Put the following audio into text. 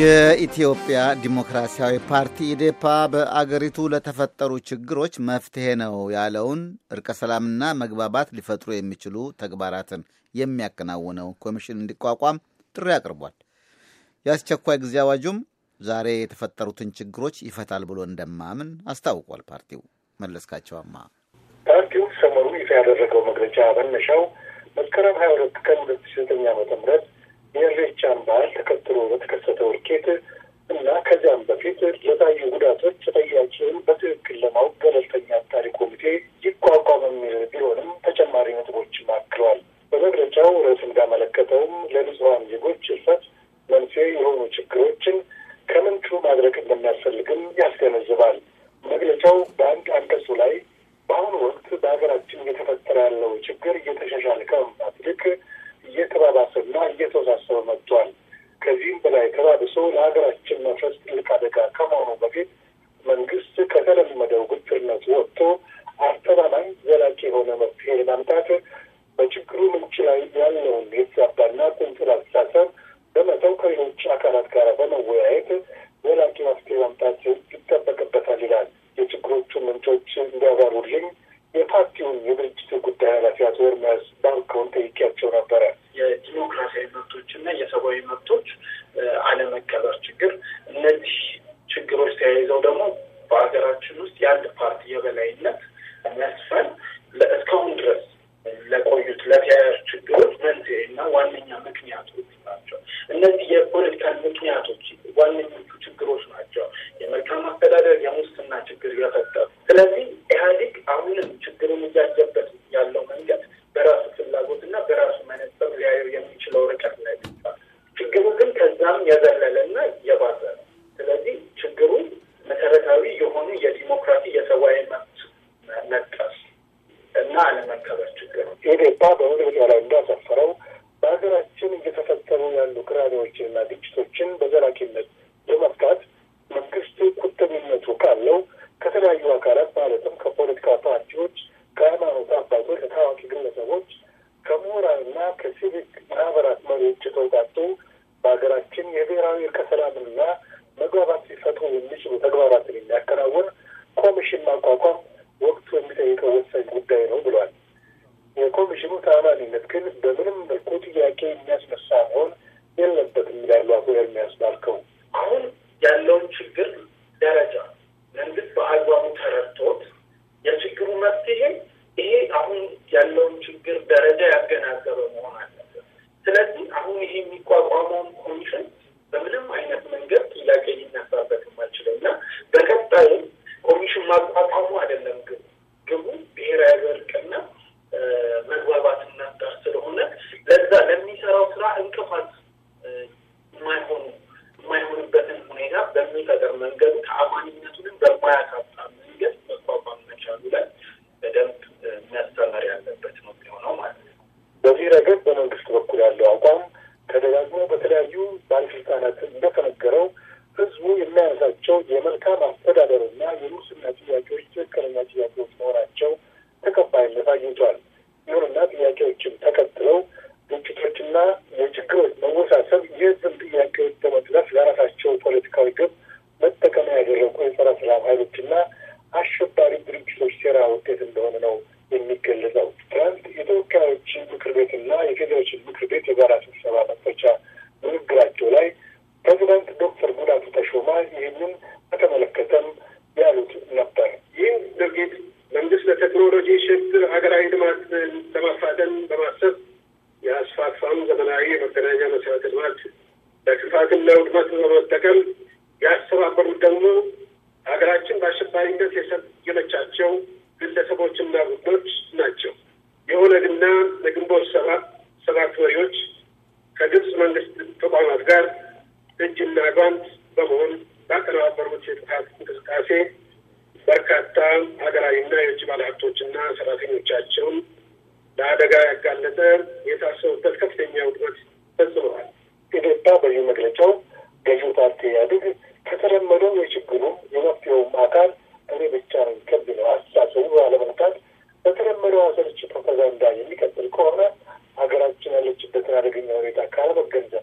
የኢትዮጵያ ዲሞክራሲያዊ ፓርቲ ኢዴፓ በአገሪቱ ለተፈጠሩ ችግሮች መፍትሄ ነው ያለውን እርቀ ሰላምና መግባባት ሊፈጥሩ የሚችሉ ተግባራትን የሚያከናውነው ኮሚሽን እንዲቋቋም ጥሪ አቅርቧል። የአስቸኳይ ጊዜ አዋጁም ዛሬ የተፈጠሩትን ችግሮች ይፈታል ብሎ እንደማምን አስታውቋል። ፓርቲው መለስካቸዋማ ፓርቲው ሰሞኑን ይፋ ያደረገው መግለጫ መነሻው መስከረም ሀያ ሁለት ቀን ሁለት ሺ ዘጠኝ ዓመተ ምህረት የኢሬቻን በዓል ተከትሎ በተከሰተው ውርኬት እና ከዚያም በፊት ለታዩ ጉዳቶች ተጠያቂውን በትክክል ለማወቅ ገለልተኛ አጣሪ ኮሚቴ ይቋቋም የሚል ቢሆንም ተጨማሪ ነጥቦችን አክለዋል። በመግለጫው ርዕስ እንዳመለከተውም ለንጹሐን ዜጎች እልፈት መንስኤ የሆኑ ችግሮችን ከምንቹ ማድረግ እንደሚያስፈልግም ያስገነዝባል። መግለጫው ነገር እየተሻሻለ ከመምጣት ይልቅ እየተባባሰና እየተወሳሰበ መጥቷል። ከዚህም በላይ ተባብሶ ለሀገራችን መፍረስ ትልቅ አደጋ ከመሆኑ በፊት መንግስት ከተለመደው ግትርነት ወጥቶ አስተማማኝ ዘላቂ የሆነ መፍትሄ ለማምታት በችግሩ ምንጭ ላይ ያለውን የተዛባና ቁንጽል አስተሳሰብ በመተው ከሌሎች አካላት ጋር በመወያየት አቶ ኤርሚያስ ባንክሮን ጠይቄያቸው ነበረ። የዲሞክራሲያዊ መብቶች እና የሰብአዊ መብቶች አለመከበር ችግር፣ እነዚህ ችግሮች ተያይዘው ደግሞ በሀገራችን ውስጥ የአንድ ፓርቲ የበላይነት መስፈን የአካባቢ ችግር ነው። ኢዴፓ በመግለጫ ላይ እንዳሰፈረው በሀገራችን እየተፈጠሩ ያሉ ቅራኔዎችንና ግጭቶችን በዘላቂነት ችግር ደረጃ ያገናዘበው ባለስልጣናት እንደተነገረው ህዝቡ የሚያነሳቸው የመልካም አስተዳደርና የሙስና ጥያቄዎች ትክክለኛ ጥያቄዎች መሆናቸው ተቀባይነት አግኝቷል። ይሁንና ጥያቄዎችን ተከትለው ግጭቶችና የችግሮች መወሳሰብ የህዝብን ጥያቄዎች በመጥለፍ ለራሳቸው ፖለቲካዊ ግብ መጠቀሚያ ያደረጉ የጸረ ሰላም ኃይሎችና አሸባሪ ድርጅቶች ሴራ ውጤት እንደሆነ ነው የሚገለጸው። ትናንት የተወካዮች ምክር ቤትና የፌዴሬሽን ምክር ቤት የጋራ ስብሰባ መክፈቻ ንግግራቸው ላይ ፕሬዚዳንት ዶክተር ጉዳቱ ተሾማ ይህንን በተመለከተም ያሉት ነበር። ይህም ድርጊት መንግስት ለቴክኖሎጂ ሽግግር ሀገራዊ ልማት ለማፋጠን በማሰብ የአስፋፋም ዘመናዊ የመገናኛ መሰረተ ልማት ለክፋትና ውድመት በመጠቀም ያስተባበሩት ደግሞ ሀገራችን በአሸባሪነት የሰየመቻቸው ግለሰቦችና ቡድኖች ናቸው። የኦነግና የግንቦት ሰባት ሰባት መሪዎች ከግብፅ መንግስት ተቋማት ጋር እጅና ጓንት በመሆን ባቀነባበሩት የጥፋት እንቅስቃሴ በርካታ ሀገራዊና የውጭ ባለሀብቶችና ሰራተኞቻቸውን ለአደጋ ያጋለጠ የታሰቡበት ከፍተኛ ውድመት ፈጽመዋል። ኢዴፓ በዚህ መግለጫው ገዢው ፓርቲ ኢህአዴግ ከተለመደው የችግሩ የመፍትሄውም አካል እኔ ብቻ ነኝ ከሚለው አስተሳሰቡ ባለመነሳት በተለመደው አሰልቺ ፕሮፓጋንዳ የሚቀጥል ከሆነ ሀገራችን ያለችበትን አደገኛ ሁኔታ ካለመገንዘብ